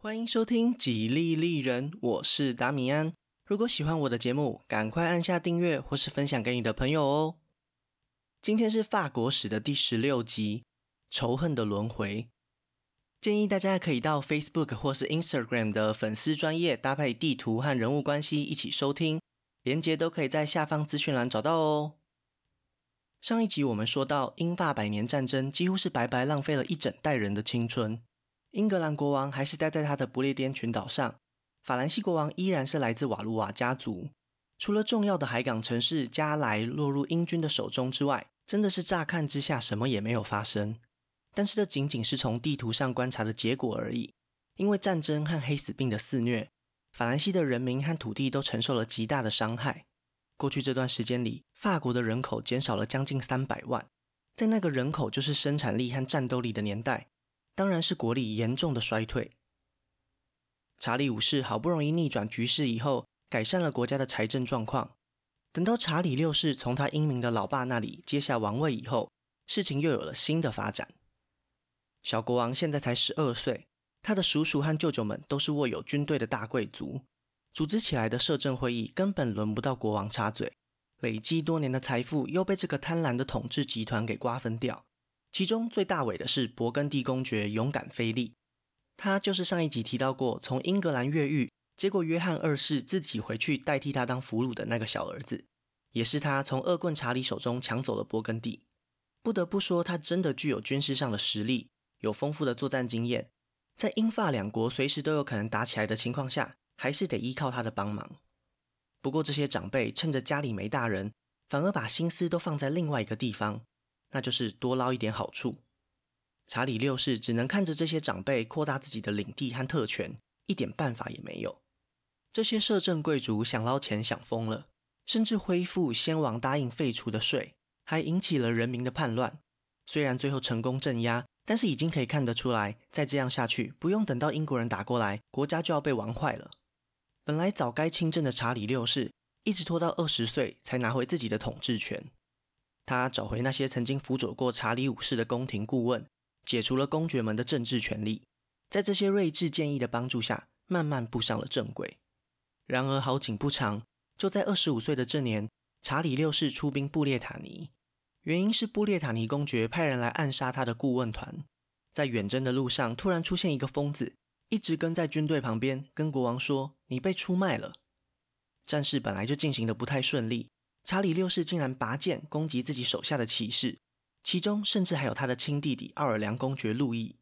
歡迎收聽《幾利利人》，我是達米安。如果喜歡我的節目，趕快按下訂閱或是分享給你的朋友哦。今天是法國史的第十六集《仇恨的輪迴》，建議大家可以到 Facebook 或是 Instagram 的粉絲專頁，搭配地圖和人物關係一起收聽，連結都可以在下方資訊欄找到哦。上一集我們說到，英法百年戰爭幾乎是白白浪費了一整代人的青春。英格蘭國王還是待在他的不列顛群島上，法蘭西國王依然是來自瓦盧瓦家族。除了重要的海港城市加萊落入英軍的手中之外，真的是乍看之下什麼也沒有發生。但是這僅僅是從地圖上觀察的結果而已。因為戰爭和黑死病的肆虐，法蘭西的人民和土地都承受了極大的傷害。過去這段時間裡，法國的人口減少了將近三百萬，在那個人口就是生產力和戰鬥力的年代，當然是國力嚴重的衰退。查理五世好不容易逆轉局勢以後，改善了國家的財政狀況。等到查理六世從他英明的老爸那裡接下王位以後，事情又有了新的發展。小國王現在才十二歲，他的叔叔和舅舅們都是握有軍隊的大貴族，組織起來的攝政會議根本輪不到國王插嘴。累積多年的財富又被這個貪婪的統治集團給瓜分掉。其中最大尾的是勃艮第公爵勇敢菲利，他就是上一集提到過從英格蘭越獄，結果約翰二世自己回去代替他當俘虜的那個小兒子，也是他從惡棍查理手中搶走了勃艮第。不得不說，他真的具有軍事上的實力，有豐富的作戰經驗，在英法兩國隨時都有可能打起來的情況下，還是得依靠他的幫忙。不過這些長輩趁着家裡沒大人，反而把心思都放在另外一個地方。那就是多撈一點好處。查理六世只能看着這些長輩擴大自己的領地和特權，一點辦法也沒有。這些攝政貴族想撈錢想瘋了，甚至恢復先王答應廢除的稅，還引起了人民的叛亂。雖然最後成功鎮壓，但是已經可以看得出來，再這樣下去，不用等到英國人打過來，國家就要被玩壞了。本來早該親政的查理六世，一直拖到二十歲才拿回自己的統治權。他找回那些曾經輔佐過查理五世的宮廷顧問，解除了公爵們的政治權利，在這些睿智建議的幫助下，慢慢步上了正軌。然而好景不長，就在二十五歲的這年，查理六世出兵布列塔尼，原因是布列塔尼公爵派人來暗殺他的顧問團。在遠征的路上，突然出現一個瘋子，一直跟在軍隊旁邊，跟國王說：“你被出賣了。”戰事本來就進行得不太順利。查理六世竟然拔劍攻擊自己手下的騎士，其中甚至還有他的親弟弟奧爾良公爵路易。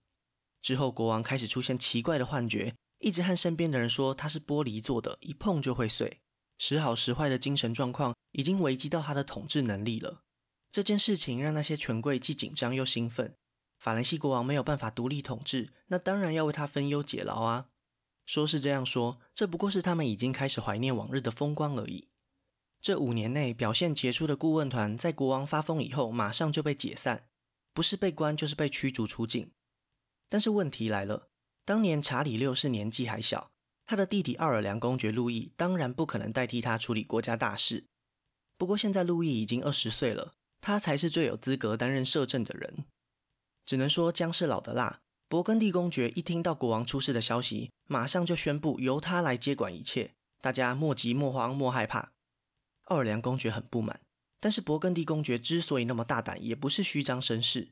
之後，國王開始出現奇怪的幻覺，一直和身邊的人說他是玻璃做的，一碰就會碎。時好時壞的精神狀況已經危及到他的統治能力了。這件事情讓那些權貴既緊，緊張又興奮。法蘭西國王沒有辦法獨立統治，那當然要為他分憂解勞啊。說是這樣說，這不過是他們已經開始懷念往日的風光而已。這五年內表現傑出的顧問團，在國王發瘋以後，馬上就被解散，不是被關就是被驅逐出境。但是問題來了，當年查理六世年紀還小，他的弟弟奧爾良公爵路易當然不可能代替他處理國家大事。不過現在路易已經二十歲了，他才是最有資格擔任攝政的人。只能說薑是老的辣，勃艮第公爵一聽到國王出事的消息，馬上就宣布由他來接管一切，大家莫急莫慌莫害怕。奧爾良公爵很不滿，但是勃艮第公爵之所以那麼大膽，也不是虛張聲勢。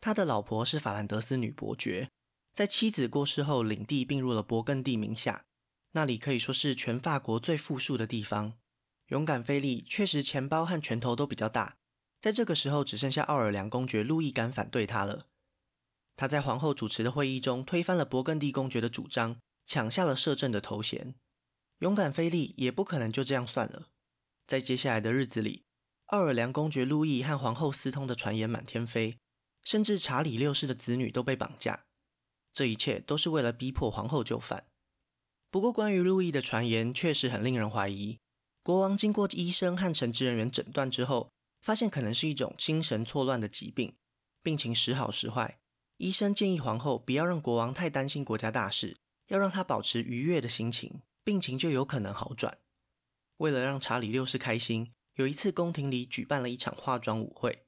他的老婆是法蘭德斯女伯爵，在妻子過世後，領地併入了勃艮第名下，那裡可以說是全法國最富庶的地方。勇敢菲利確實錢包和拳頭都比較大，在這個時候只剩下奧爾良公爵路易敢反對他了。他在皇后主持的會議中推翻了勃艮第公爵的主張，搶下了攝政的頭銜。勇敢菲利也不可能就這樣算了。在接下來的日子裡，奧爾良公爵路易和皇后私通的傳言滿天飛，甚至查理六世的子女都被綁架。這一切都是為了逼迫皇後就範。不過，關於路易的傳言確實很令人懷疑。國王經過醫生和神職人員診斷之後，發現可能是一種精神錯亂的疾病，病情時好時壞。醫生建議皇後不要讓國王太擔心國家大事，要讓他保持愉悅的心情，病情就有可能好轉。為了讓查理六世開心，有一次宮廷裡舉辦了一場化妝舞會。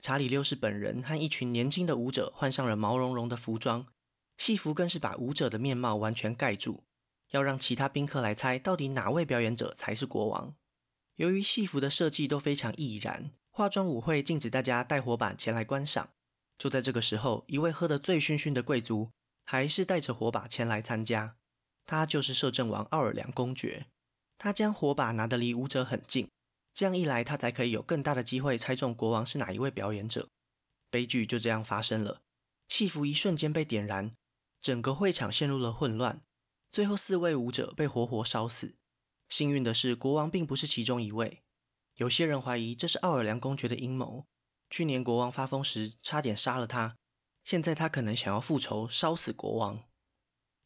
查理六世本人和一群年輕的舞者換上了毛茸茸的服裝，戲服更是把舞者的面貌完全蓋住，要讓其他賓客來猜到底哪位表演者才是國王。由於戲服的設計都非常易燃，化妝舞會禁止大家帶火把前來觀賞。就在這個時候，一位喝得醉醺醺的貴族還是帶着火把前來參加，他就是攝政王奧爾良公爵。他將火把拿得離舞者很近，這樣一來，他才可以有更大的機會猜中國王是哪一位表演者。悲劇就這樣發生了，戲服一瞬間被點燃，整個會場陷入了混亂。最後四位舞者被活活燒死。幸運的是，國王並不是其中一位。有些人懷疑這是奧爾良公爵的陰謀。去年國王發瘋時差點殺了他，現在他可能想要復仇，燒死國王。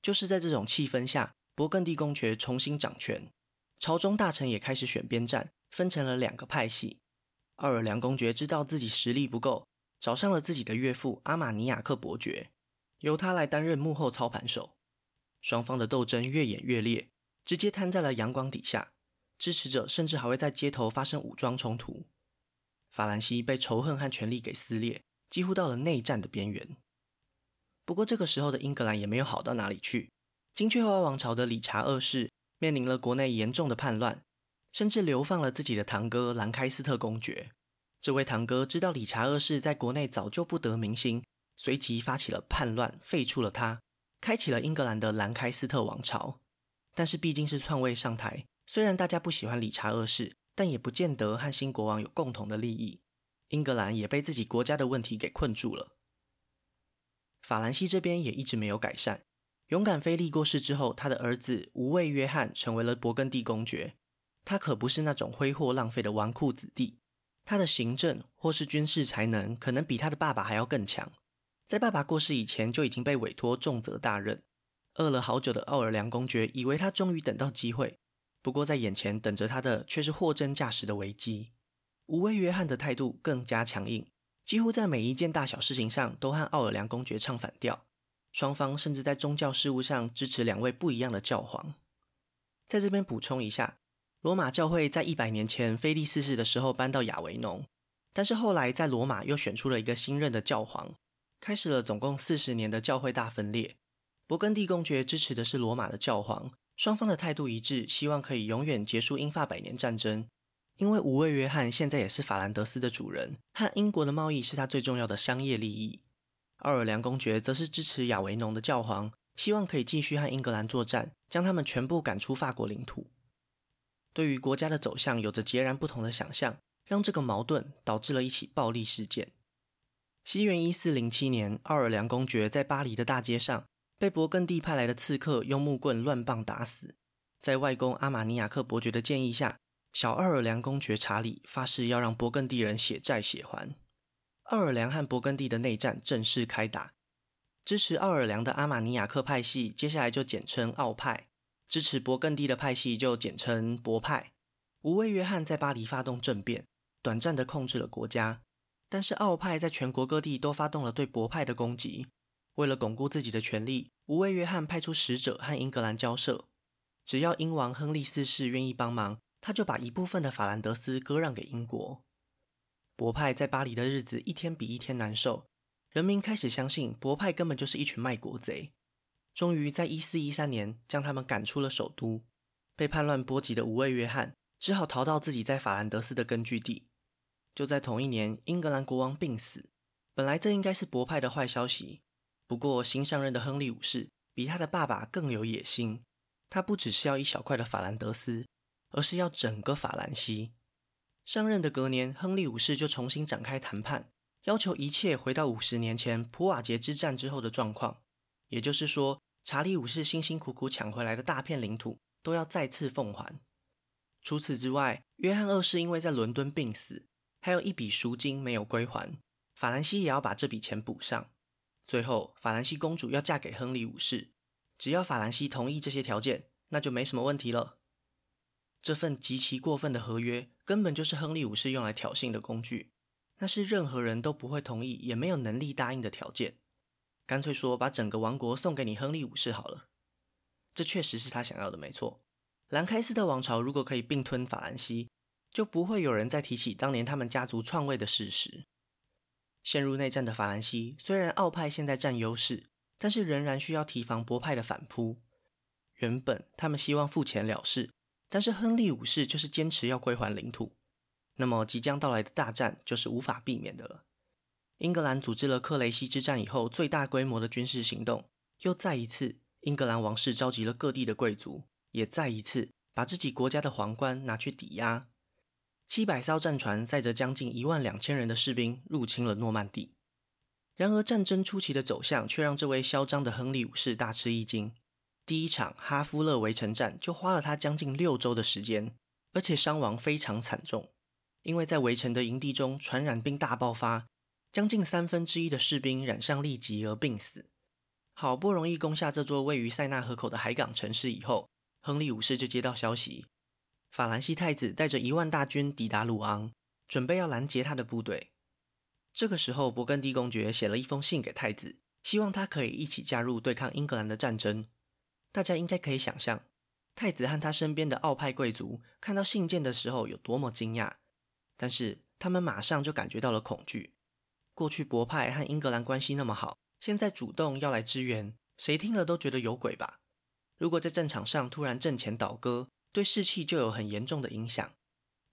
就是在這種氣氛下，勃艮第公爵重新掌權。朝中大臣也開始選邊站，分成了兩個派系。奧爾良公爵知道自己實力不夠，找上了自己的岳父阿瑪尼亞克伯爵，由他來擔任幕後操盤手。雙方的鬥爭越演越烈，直接攤在了陽光底下，支持者甚至還會在街頭發生武裝衝突。法蘭西被仇恨和權力給撕裂，幾乎到了內戰的邊緣。不過這個時候的英格蘭也沒有好到哪裡去，金雀花王朝的理查二世。面臨了國內嚴重的叛亂，甚至流放了自己的堂哥蘭開斯特公爵。這位堂哥知道理查二世在國內早就不得民心，隨即發起了叛亂，廢除了他，開啟了英格蘭的蘭開斯特王朝。但是畢竟是篡位上台，雖然大家不喜歡理查二世，但也不見得和新國王有共同的利益。英格蘭也被自己國家的問題給困住了。法蘭西這邊也一直沒有改善。勇敢菲利過世之後，他的兒子無畏約翰成為了勃艮第公爵。他可不是那種揮霍浪費的紈絝子弟，他的行政或是軍事才能可能比他的爸爸還要更強。在爸爸過世以前就已經被委托重責大任。餓了好久的奧爾良公爵以為他終於等到機會，不過在眼前等着他的卻是貨真價實的危機。無畏約翰的態度更加強硬，幾乎在每一件大小事情上都和奧爾良公爵唱反調。雙方甚至在宗教事務上支持兩位不一樣的教皇。在這邊補充一下，羅馬教會在一百年前菲利斯世的時候搬到雅維農，但是後來在羅馬又選出了一個新任的教皇，開始了總共四十年的教會大分裂。勃艮第公爵支持的是羅馬的教皇，雙方的態度一致，希望可以永遠結束英法百年戰爭。因為五位約翰現在也是法蘭德斯的主人，和英國的貿易是他最重要的商業利益。奧爾良公爵則是支持亞維農的教皇，希望可以繼續和英格蘭作戰，將他們全部趕出法國領土。對於國家的走向有着截然不同的想象，讓這個矛盾導致了一起暴力事件。西元一四零七年，奧爾良公爵在巴黎的大街上被勃艮第派來的刺客用木棍亂棒打死。在外公阿馬尼亞克伯爵的建議下，小奧爾良公爵查理發誓要讓勃艮第人血債血還。奧爾良和勃艮第的內戰正式開打，支持奧爾良的阿馬尼亞克派系，接下來就簡稱奧派；支持勃艮第的派系就簡稱博派。無畏約翰在巴黎發動政變，短暫的控制了國家，但是奧派在全國各地都發動了對博派的攻擊。為了鞏固自己的權力，無畏約翰派出使者和英格蘭交涉，只要英王亨利四世願意幫忙，他就把一部分的法蘭德斯割讓給英國。勃派在巴黎的日子一天比一天難受，人民開始相信勃派根本就是一群賣國賊。終於在一四一三年，將他們趕出了首都。被叛亂波及的無畏約翰只好逃到自己在法蘭德斯的根據地。就在同一年，英格蘭國王病死。本來這應該是勃派的壞消息，不過新上任的亨利五世比他的爸爸更有野心。他不只是要一小塊的法蘭德斯，而是要整個法蘭西。上任的隔年，亨利五世就重新展開談判，要求一切回到五十年前普瓦捷之戰之後的狀況，也就是說，查理五世辛辛苦苦搶回來的大片領土都要再次奉還。除此之外，約翰二世因為在倫敦病死，還有一筆贖金沒有歸還，法蘭西也要把這筆錢補上。最後，法蘭西公主要嫁給亨利五世，只要法蘭西同意這些條件，那就沒什麼問題了。這份極其過分的合約。根本就是亨利五世用來挑釁的工具，那是任何人都不會同意，也沒有能力答應的條件。乾脆說，把整個王國送給你，亨利五世好了。這確實是他想要的，沒錯。蘭開斯特王朝如果可以併吞法蘭西，就不會有人再提起當年他們家族篡位的事實。陷入內戰的法蘭西，雖然奧派現在占優勢，但是仍然需要提防勃派的反撲。原本他們希望付錢了事。但是亨利五世就是堅持要歸還領土，那麼即將到來的大戰就是無法避免的了。英格蘭組織了克雷西之戰以後最大規模的軍事行動，又再一次英格蘭王室召集了各地的貴族，也再一次把自己國家的皇冠拿去抵押。七百艘戰船載着將近一萬兩千人的士兵入侵了諾曼底。然而戰爭初期的走向卻讓這位囂張的亨利五世大吃一驚。第一場哈夫勒圍城戰就花了他將近六周的時間，而且傷亡非常慘重，因為在圍城的營地中傳染病大爆發，將近三分之一的士兵染上痢疾而病死。好不容易攻下這座位於塞納河口的海港城市以後，亨利五世就接到消息，法蘭西太子帶着一萬大軍抵達魯昂，準備要攔截他的部隊。這個時候，勃艮第公爵寫了一封信給太子，希望他可以一起加入對抗英格蘭的戰爭。大家應該可以想象，太子和他身邊的奧派貴族看到信件的時候有多麼驚訝，但是他們馬上就感覺到了恐懼。過去勃派和英格蘭關係那麼好，現在主動要來支援，誰聽了都覺得有鬼吧？如果在戰場上突然陣前倒戈，對士氣就有很嚴重的影響。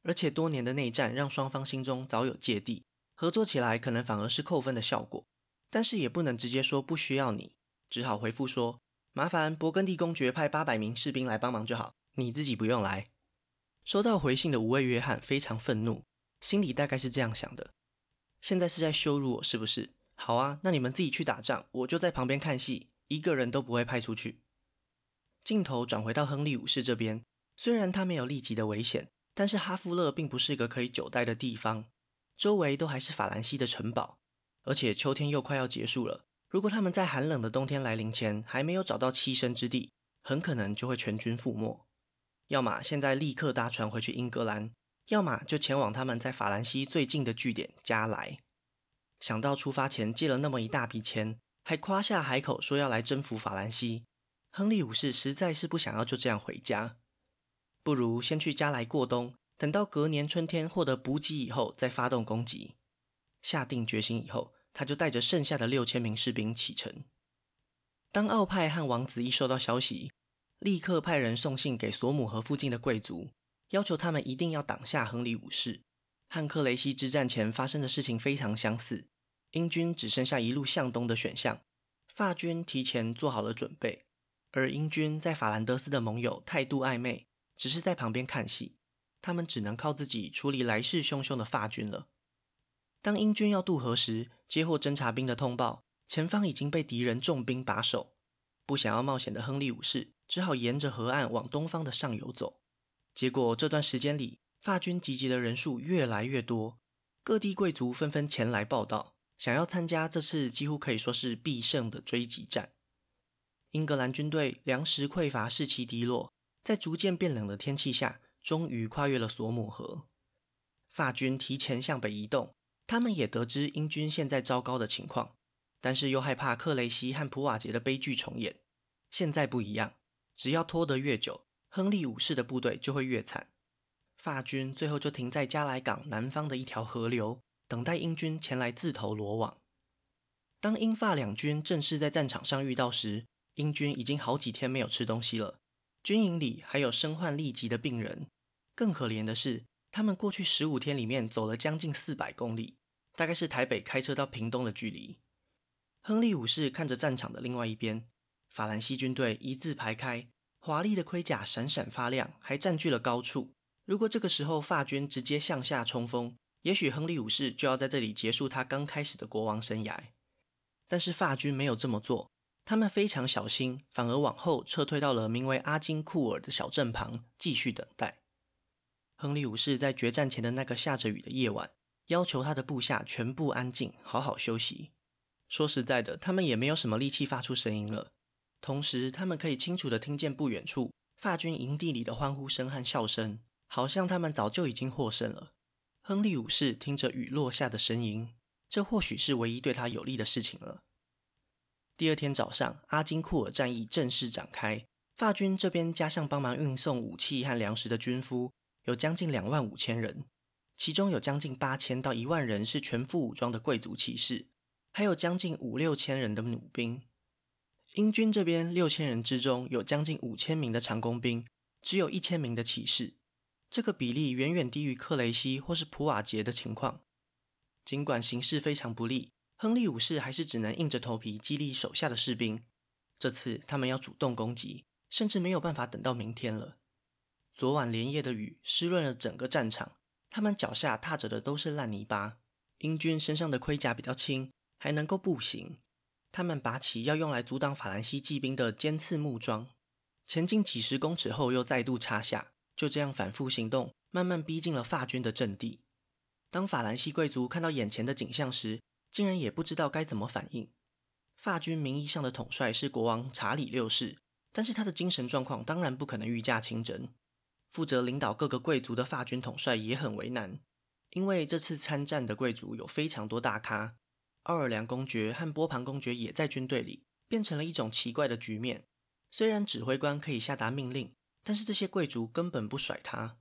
而且多年的內戰讓雙方心中早有芥蒂，合作起來可能反而是扣分的效果。但是也不能直接說不需要你，只好回復說。麻煩勃艮第公爵派八百名士兵來幫忙就好，你自己不用來。收到回信的無畏約翰非常憤怒，心裡大概是這樣想的：現在是在羞辱我，是不是？好啊，那你們自己去打仗，我就在旁邊看戲，一個人都不會派出去。鏡頭轉回到亨利五世這邊，雖然他沒有立即的危險，但是哈夫勒並不是一個可以久待的地方，周圍都還是法蘭西的城堡，而且秋天又快要結束了。如果他們在寒冷的冬天來臨前還沒有找到棲身之地，很可能就會全軍覆沒。要麼現在立刻搭船回去英格蘭，要麼就前往他們在法蘭西最近的據點加萊。想到出發前借了那麼一大筆錢，還誇下海口說要來征服法蘭西，亨利五世實在是不想要就這樣回家。不如先去加萊過冬，等到隔年春天獲得補給以後再發動攻擊。下定決心以後。他就帶着剩下的六千名士兵啟程。當奧派和王子一收到消息，立刻派人送信給索姆河附近的貴族，要求他們一定要擋下亨利五世。和克雷西之戰前發生的事情非常相似，英軍只剩下一路向東的選項。法軍提前做好了準備，而英軍在法蘭德斯的盟友態度曖昧，只是在旁邊看戲。他們只能靠自己處理來勢洶洶的法軍了。當英軍要渡河時，接獲偵察兵的通報，前方已經被敵人重兵把守。不想要冒險的亨利五世只好沿着河岸往東方的上游走。結果這段時間裡，法軍集結的人數越來越多，各地貴族紛紛前來報到，想要參加這次幾乎可以說是必勝的追擊戰。英格蘭軍隊糧食匱乏，士氣低落，在逐漸變冷的天氣下，終於跨越了索姆河。法軍提前向北移動。他們也得知英軍現在糟糕的情況，但是又害怕克雷西和普瓦捷的悲劇重演。現在不一樣，只要拖得越久，亨利五世的部隊就會越慘。法軍最後就停在加萊港南方的一條河流，等待英軍前來自投羅網。當英法兩軍正式在戰場上遇到時，英軍已經好幾天沒有吃東西了，軍營裡還有身患痢疾的病人。更可憐的是，他們過去十五天裡面走了將近四百公里，大概是台北開車到屏東的距離。亨利五世看着戰場的另外一邊，法蘭西軍隊一字排開，華麗的盔甲閃閃發亮，還佔據了高處。如果這個時候法軍直接向下衝鋒，也許亨利五世就要在這裡結束他剛開始的國王生涯。但是法軍沒有這麼做，他們非常小心，反而往後撤退到了名為阿金庫爾的小鎮旁，繼續等待。亨利五世在決戰前的那個下着雨的夜晚，要求他的部下全部安靜，好好休息。說實在的，他們也沒有什麼力氣發出聲音了。同時，他們可以清楚地聽見不遠處法軍營地裡的歡呼聲和笑聲，好像他們早就已經獲勝了。亨利五世聽着雨落下的聲音，這或許是唯一對他有利的事情了。第二天早上，阿金庫爾戰役正式展開。法軍這邊加上幫忙運送武器和糧食的軍夫。有將近兩萬五千人，其中有將近八千到一萬人是全副武裝的貴族騎士，還有將近五六千人的弩兵。英軍這邊六千人之中有將近五千名的長弓兵，只有一千名的騎士。這個比例遠遠低於克雷西或是普瓦捷的情況。儘管形勢非常不利，亨利五世還是只能硬着頭皮激勵手下的士兵。這次他們要主動攻擊，甚至沒有辦法等到明天了。昨晚連夜的雨濕潤了整個戰場，他們腳下踏着的都是爛泥巴。英軍身上的盔甲比較輕，還能夠步行。他們拔起要用來阻擋法蘭西騎兵的尖刺木樁，前進幾十公尺後又再度插下，就這樣反覆行動，慢慢逼近了法軍的陣地。當法蘭西貴族看到眼前的景象時，竟然也不知道該怎麼反應。法軍名義上的統帥是國王查理六世，但是他的精神狀況當然不可能御駕親征。負責領導各個貴族的法軍統帥也很為難，因為這次參戰的貴族有非常多大咖，奧爾良公爵和波旁公爵也在軍隊裡，變成了一種奇怪的局面。雖然指揮官可以下達命令，但是這些貴族根本不甩他。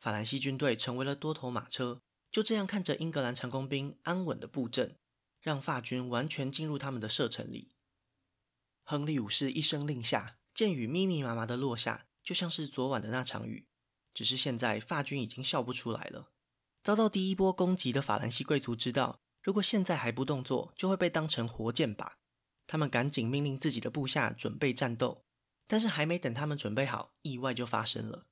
法蘭西軍隊成為了多頭馬車，就這樣看着英格蘭長弓兵安穩的布陣，讓法軍完全進入他們的射程裡。亨利五世一聲令下，箭雨密密麻麻的落下。就像是昨晚的那場雨，只是現在法軍已經笑不出來了。遭到第一波攻擊的法蘭西貴族知道，如果現在還不動作，就會被當成活箭靶。他們趕緊命令自己的部下準備戰鬥，但是還沒等他們準備好，意外就發生了。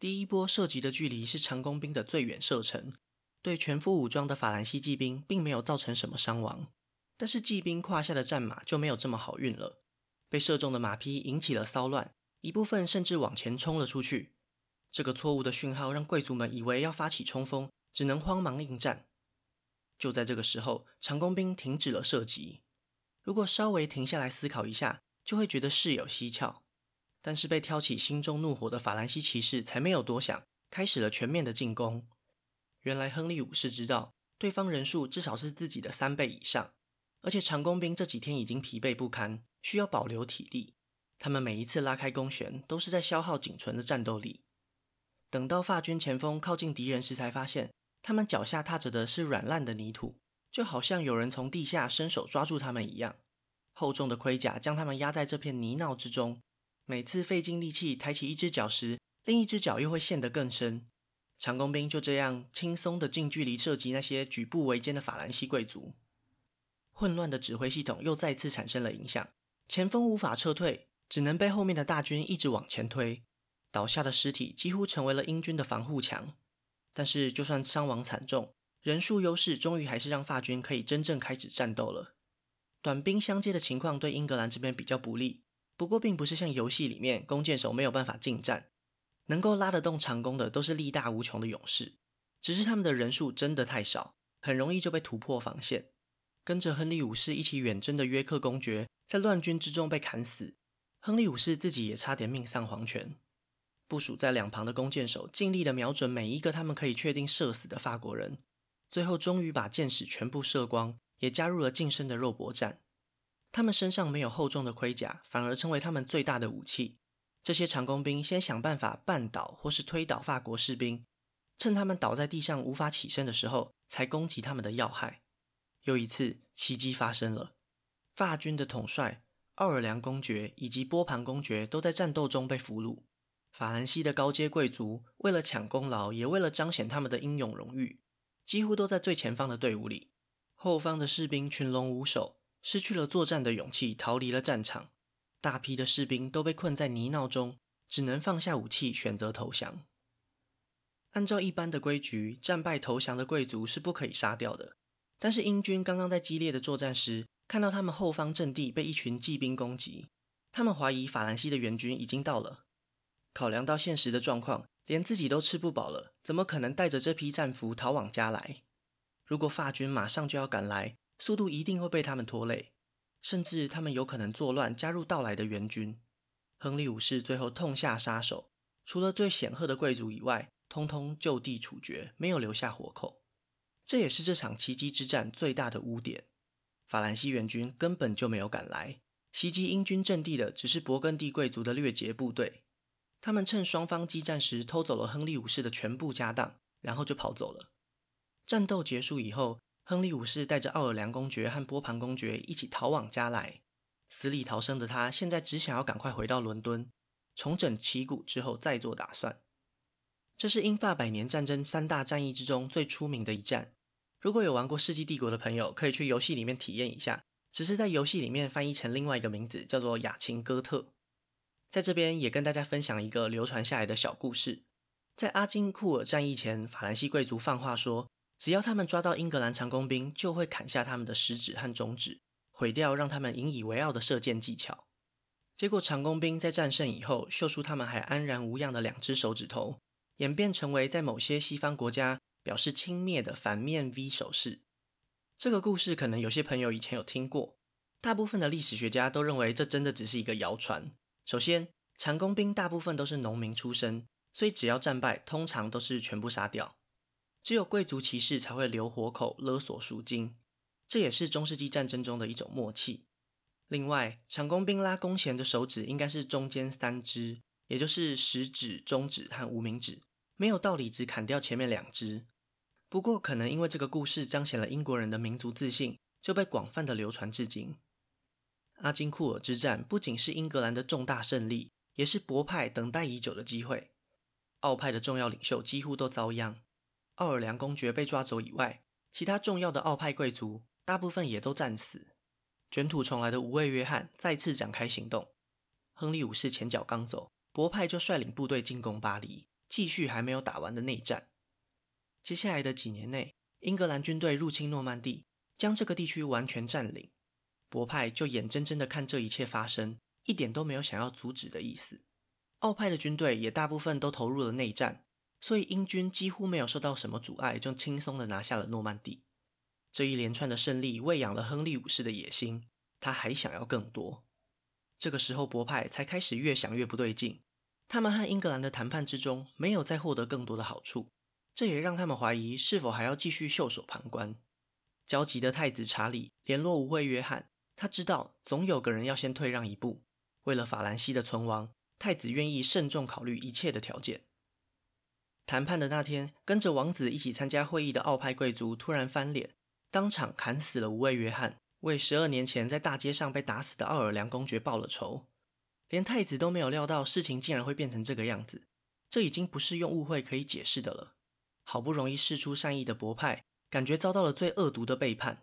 第一波射擊的距離是長弓兵的最遠射程，對全副武裝的法蘭西騎兵並沒有造成什麼傷亡。但是騎兵胯下的戰馬就沒有這麼好運了，被射中的馬匹引起了騷亂。一部分甚至往前衝了出去。這個錯誤的訊號讓貴族們以為要發起衝鋒，只能慌忙應戰。就在這個時候，長弓兵停止了射擊。如果稍微停下來思考一下，就會覺得事有蹊蹺。但是被挑起心中怒火的法蘭西騎士才沒有多想，開始了全面的進攻。原來亨利五世知道對方人數至少是自己的三倍以上，而且長弓兵這幾天已經疲憊不堪，需要保留體力。他們每一次拉開弓弦，都是在消耗僅存的戰鬥力。等到法軍前鋒靠近敵人時，才發現他們腳下踏着的是軟爛的泥土，就好像有人從地下伸手抓住他們一樣。厚重的盔甲將他們壓在這片泥淖之中。每次費盡力氣抬起一只腳時，另一只腳又會陷得更深。長弓兵就這樣輕鬆地近距離射擊那些舉步維艱的法蘭西貴族。混亂的指揮系統又再次產生了影響，前鋒無法撤退。只能被後面的大軍一直往前推，倒下的屍體幾乎成為了英軍的防護牆。但是，就算傷亡慘重，人數優勢終於還是讓法軍可以真正開始戰鬥了。短兵相接的情況對英格蘭這邊比較不利，不過並不是像遊戲裡面弓箭手沒有辦法近戰，能夠拉得動長弓的都是力大無窮的勇士，只是他們的人數真的太少，很容易就被突破防線。跟着亨利五世一起遠征的約克公爵在亂軍之中被砍死。亨利五世自己也差點命喪黃泉。部署在兩旁的弓箭手盡力的瞄準每一個他們可以確定射死的法國人，最後終於把箭矢全部射光，也加入了近身的肉搏戰。他們身上沒有厚重的盔甲，反而成為他們最大的武器。這些長弓兵先想辦法絆倒或是推倒法國士兵，趁他們倒在地上無法起身的時候，才攻擊他們的要害。又一次奇迹發生了，法軍的統帥。奧爾良公爵以及波旁公爵都在戰鬥中被俘虜。法蘭西的高階貴族為了搶功勞，也為了彰顯他們的英勇榮譽，幾乎都在最前方的隊伍裡。後方的士兵群龍無首，失去了作戰的勇氣，逃離了戰場。大批的士兵都被困在泥淖中，只能放下武器，選擇投降。按照一般的規矩，戰敗投降的貴族是不可以殺掉的。但是英軍剛剛在激烈的作戰時，看到他們後方陣地被一群騎兵攻擊，他們懷疑法蘭西的援軍已經到了。考量到現實的狀況，連自己都吃不飽了，怎麼可能帶着這批戰俘逃往加萊？如果法軍馬上就要趕來，速度一定會被他們拖累，甚至他們有可能作亂，加入到來的援軍。亨利五世最後痛下殺手，除了最顯赫的貴族以外，通通就地處決，沒有留下活口。這也是這場奇蹟之戰最大的污點。法蘭西援軍根本就沒有趕來，襲擊英軍陣地的只是勃艮第貴族的掠劫部隊。他們趁雙方激戰時偷走了亨利五世的全部家當，然後就跑走了。戰鬥結束以後，亨利五世帶着奧爾良公爵和波旁公爵一起逃往加萊。死裡逃生的他現在只想要趕快回到倫敦，重整旗鼓之後再做打算。這是英法百年戰爭三大戰役之中最出名的一戰。如果有玩過《世紀帝國》的朋友，可以去遊戲裡面體驗一下。只是在遊戲裡面翻譯成另外一個名字，叫做“雅琴哥特”。在這邊也跟大家分享一個流傳下來的小故事。在阿金庫爾戰役前，法蘭西貴族放話說，只要他們抓到英格蘭長弓兵，就會砍下他們的食指和中指，毀掉讓他們引以為傲的射箭技巧。結果長弓兵在戰勝以後，秀出他們還安然無恙的兩隻手指頭，演變成為在某些西方國家。表示輕蔑的反面 V 手勢。這個故事可能有些朋友以前有聽過。大部分的歷史學家都認為這真的只是一個謠傳。首先，長弓兵大部分都是農民出身，所以只要戰敗，通常都是全部殺掉。只有貴族騎士才會留活口勒索贖金，這也是中世紀戰爭中的一種默契。另外，長弓兵拉弓弦的手指應該是中間三支，也就是食指、中指和無名指，沒有道理只砍掉前面兩支。不過，可能因為這個故事彰顯了英國人的民族自信，就被廣泛的流傳至今。阿金庫爾之戰不僅是英格蘭的重大勝利，也是勃派等待已久的機會。奧派的重要領袖幾乎都遭殃，奧爾良公爵被抓走以外，其他重要的奧派貴族大部分也都戰死。卷土重來的無畏約翰再次展開行動。亨利五世前腳剛走，勃派就率領部隊進攻巴黎，繼續還沒有打完的內戰。接下來的幾年內，英格蘭軍隊入侵諾曼底，將這個地區完全佔領。勃派就眼睜睜的看這一切發生，一點都沒有想要阻止的意思。奧派的軍隊也大部分都投入了內戰，所以英軍幾乎沒有受到什麼阻礙，就輕鬆的拿下了諾曼底。這一連串的勝利餵養了亨利五世的野心，他還想要更多。這個時候，勃派才開始越想越不對勁。他們和英格蘭的談判之中，沒有再獲得更多的好處。這也讓他們懷疑是否還要繼續袖手旁觀。焦急的太子查理聯絡無畏約翰，他知道總有個人要先退讓一步。為了法蘭西的存亡，太子願意慎重考慮一切的條件。談判的那天，跟着王子一起參加會議的奧派貴族突然翻臉，當場砍死了無畏約翰，為十二年前在大街上被打死的奧爾良公爵報了仇。連太子都沒有料到事情竟然會變成這個樣子，這已經不是用誤會可以解釋的了。好不容易釋出善意的勃派，感覺遭到了最惡毒的背叛。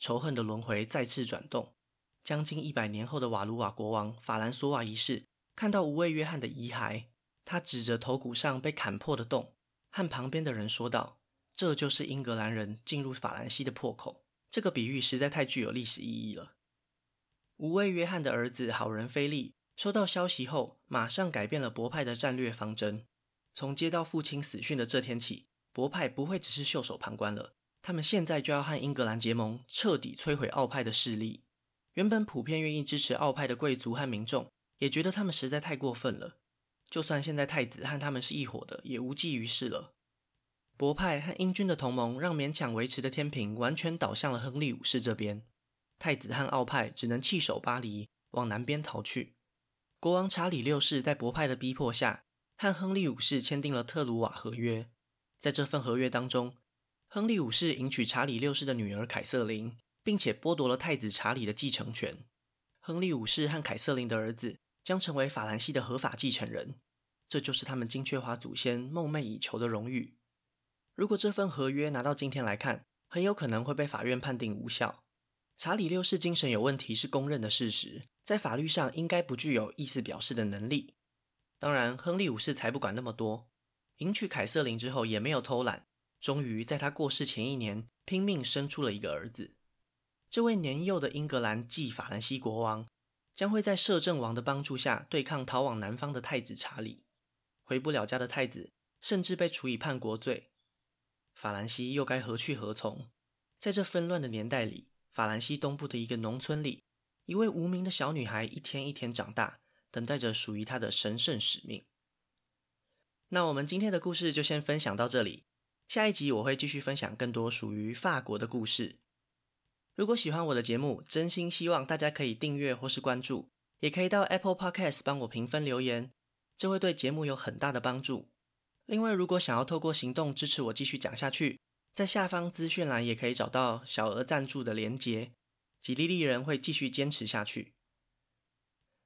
仇恨的輪迴再次轉動。將近一百年後的瓦盧瓦國王法蘭索瓦一世看到無畏約翰的遺骸，他指着頭骨上被砍破的洞，和旁邊的人說道：“這就是英格蘭人進入法蘭西的破口。”這個比喻實在太具有歷史意義了。無畏約翰的兒子好人菲利收到消息後，馬上改變了勃派的戰略方針。從接到父親死訊的這天起。勃派不會只是袖手旁觀了，他們現在就要和英格蘭結盟，徹底摧毀奧派的勢力。原本普遍願意支持奧派的貴族和民眾，也覺得他們實在太過分了。就算現在太子和他們是一夥的，也無濟於事了。勃派和英軍的同盟，讓勉強維持的天平完全倒向了亨利五世這邊。太子和奧派只能棄守巴黎，往南邊逃去。國王查理六世在勃派的逼迫下，和亨利五世簽訂了特魯瓦合約。在這份合約當中，亨利五世迎娶查理六世的女兒凱瑟琳，並且剝奪了太子查理的繼承權。亨利五世和凱瑟琳的兒子將成為法蘭西的合法繼承人，這就是他們金雀花祖先夢寐以求的榮譽。如果這份合約拿到今天來看，很有可能會被法院判定無效。查理六世精神有問題是公認的事實，在法律上應該不具有意思表示的能力。當然，亨利五世才不管那麼多。迎娶凱瑟琳之後，也沒有偷懶，終於在他過世前一年，拼命生出了一個兒子。這位年幼的英格蘭兼法蘭西國王，將會在攝政王的幫助下對抗逃往南方的太子查理。回不了家的太子，甚至被處以叛國罪。法蘭西又該何去何從？在這紛亂的年代裡，法蘭西東部的一個農村裡，一位無名的小女孩一天一天長大，等待着屬於她的神聖使命。那我們今天的故事就先分享到這裡。下一集我會繼續分享更多屬於法國的故事。如果喜歡我的節目，真心希望大家可以訂閱或是關注，也可以到 Apple Podcast 幫我評分留言，這會對節目有很大的幫助。另外，如果想要透過行動支持我繼續講下去，在下方資訊欄也可以找到小額贊助的連結。吉利利人會繼續堅持下去。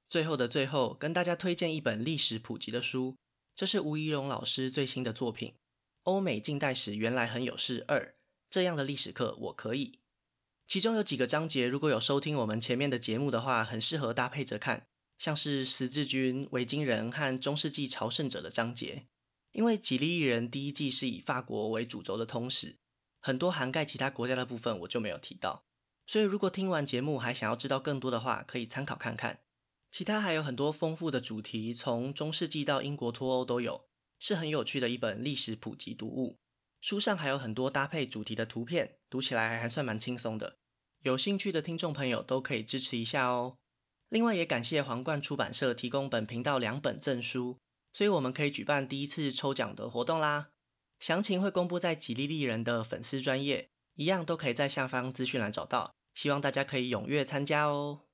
最後的最後，跟大家推薦一本歷史普及的書。這是吳宜蓉老師最新的作品《歐美近代史原來很有事二》這樣的歷史課我可以。其中有幾個章節，如果有收聽我們前面的節目的話，很適合搭配着看，像是十字軍、維京人和中世紀朝聖者的章節。因為《幾例異人》第一季是以法國為主軸的通史，很多涵蓋其他國家的部分我就沒有提到，所以如果聽完節目還想要知道更多的話，可以參考看看。其他還有很多豐富的主題，從中世紀到英國脫歐都有，是很有趣的一本歷史普及讀物。書上還有很多搭配主題的圖片，讀起來還算蠻輕鬆的。有興趣的聽眾朋友都可以支持一下哦。另外也感謝皇冠出版社提供本頻道兩本贈書，所以我們可以舉辦第一次抽獎的活動啦。詳情會公布在吉利麗人的粉絲專頁，一樣都可以在下方資訊欄找到。希望大家可以踴躍參加哦。